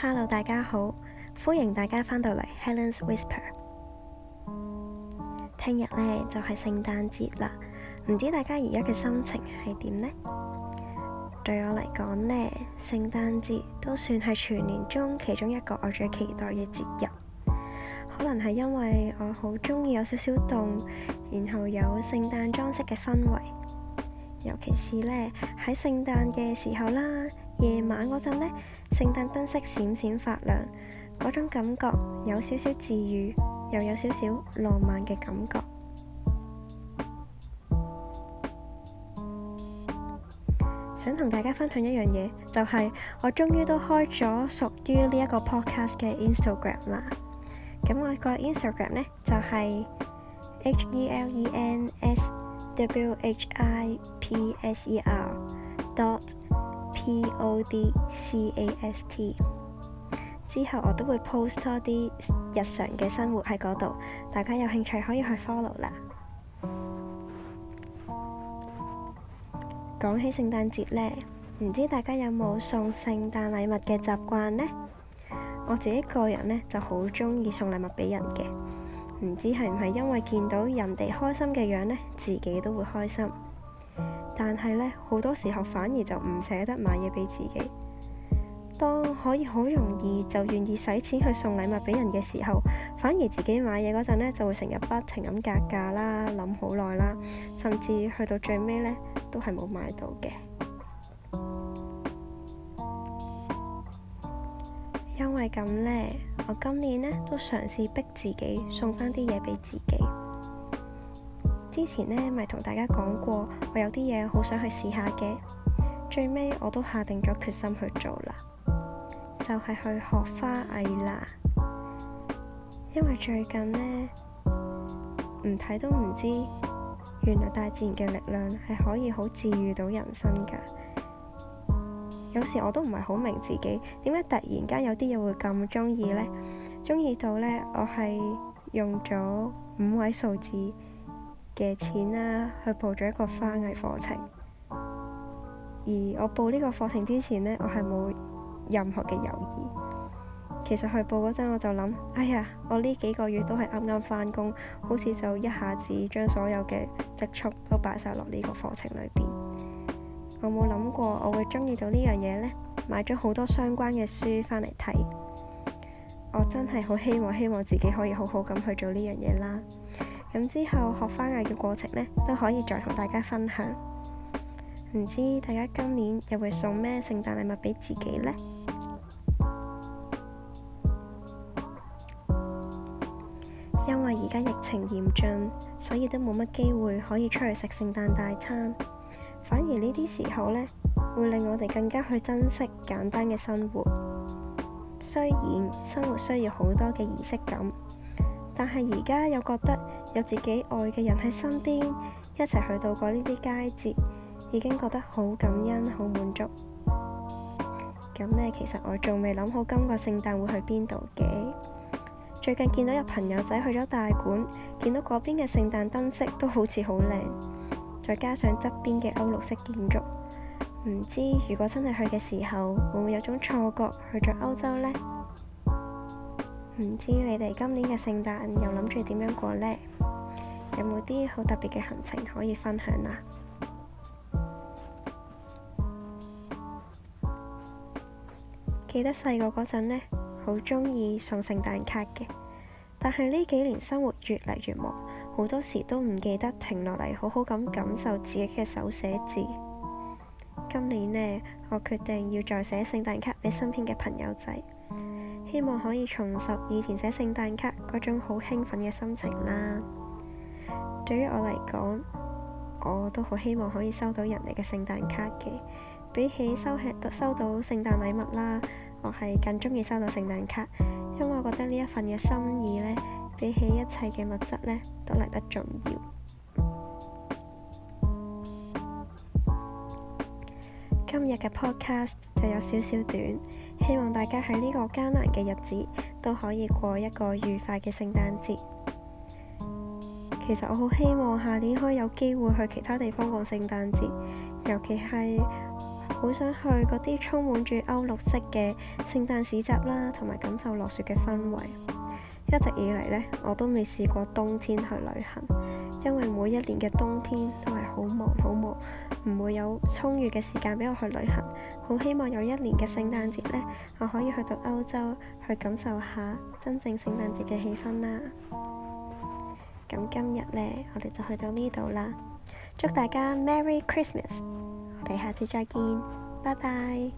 哈嘍，Hello, 大家好，歡迎大家翻到嚟 Helen's Whisper。聽日咧就係、是、聖誕節啦，唔知大家而家嘅心情係點呢？對我嚟講咧，聖誕節都算係全年中其中一個我最期待嘅節日，可能係因為我好中意有少少凍，然後有聖誕裝飾嘅氛圍。尤其是，呢喺聖誕嘅時候啦，夜晚嗰陣呢，聖誕燈飾閃閃發亮，嗰種感覺有少少治愈，又有少少浪漫嘅感覺。想同大家分享一樣嘢，就係我終於都開咗屬於呢一個 podcast 嘅 Instagram 啦。咁我個 Instagram 呢，就係 H E L E N S。whisper dot podcast，之後我都會 post 一啲日常嘅生活喺嗰度，大家有興趣可以去 follow 啦。講起聖誕節呢，唔知大家有冇送聖誕禮物嘅習慣呢？我自己個人呢，就好鍾意送禮物俾人嘅。唔知係唔係因為見到人哋開心嘅樣呢，自己都會開心。但係呢，好多時候反而就唔捨得買嘢俾自己。當可以好容易就願意使錢去送禮物俾人嘅時候，反而自己買嘢嗰陣呢，就會成日不停噉格價啦，諗好耐啦，甚至去到最尾呢，都係冇買到嘅。因為咁呢，我今年呢都嘗試逼自己送翻啲嘢俾自己。之前呢咪同大家講過，我有啲嘢好想去試下嘅，最尾我都下定咗決心去做啦，就係去學花藝啦。因為最近呢，唔睇都唔知，原來大自然嘅力量係可以好治愈到人生噶。有時我都唔係好明自己點解突然間有啲嘢會咁中意呢。中意到呢，我係用咗五位數字嘅錢啦、啊、去報咗一個花藝課程。而我報呢個課程之前呢，我係冇任何嘅猶豫。其實去報嗰陣我就諗，哎呀，我呢幾個月都係啱啱返工，好似就一下子將所有嘅積蓄都擺晒落呢個課程裏邊。我冇諗過，我會鍾意到呢樣嘢呢。買咗好多相關嘅書翻嚟睇。我真係好希望希望自己可以好好咁去做呢樣嘢啦。咁之後學翻嚟嘅過程呢，都可以再同大家分享。唔知大家今年又會送咩聖誕禮物俾自己呢？因為而家疫情嚴峻，所以都冇乜機會可以出去食聖誕大餐。反而呢啲時候呢，會令我哋更加去珍惜簡單嘅生活。雖然生活需要好多嘅儀式感，但係而家又覺得有自己愛嘅人喺身邊，一齊去度過呢啲佳節，已經覺得好感恩、好滿足。咁呢，其實我仲未諗好今個聖誕會去邊度嘅。最近見到有朋友仔去咗大館，見到嗰邊嘅聖誕燈飾都好似好靚。再加上側邊嘅歐陸式建築，唔知如果真係去嘅時候，會唔會有種錯覺去咗歐洲呢？唔知你哋今年嘅聖誕又諗住點樣過呢？有冇啲好特別嘅行程可以分享啊？記得細個嗰陣呢，好中意送聖誕卡嘅，但係呢幾年生活越嚟越忙。好多時都唔記得停落嚟，好好咁感受自己嘅手寫字。今年呢，我決定要再寫聖誕卡俾身邊嘅朋友仔，希望可以重拾以前寫聖誕卡嗰種好興奮嘅心情啦。對於我嚟講，我都好希望可以收到人哋嘅聖誕卡嘅，比起收吃收到聖誕禮物啦，我係更鍾意收到聖誕卡，因為我覺得呢一份嘅心意呢。比起一切嘅物質呢，都嚟得重要。今日嘅 podcast 就有少少短，希望大家喺呢個艱難嘅日子都可以過一個愉快嘅聖誕節。其實我好希望下年可以有機會去其他地方過聖誕節，尤其係好想去嗰啲充滿住歐陸式嘅聖誕市集啦，同埋感受落雪嘅氛圍。一直以嚟呢，我都未試過冬天去旅行，因為每一年嘅冬天都係好忙好忙，唔會有充裕嘅時間俾我去旅行。好希望有一年嘅聖誕節呢，我可以去到歐洲去感受下真正聖誕節嘅氣氛啦。咁今日呢，我哋就去到呢度啦。祝大家 Merry Christmas！我哋下次再見，拜拜。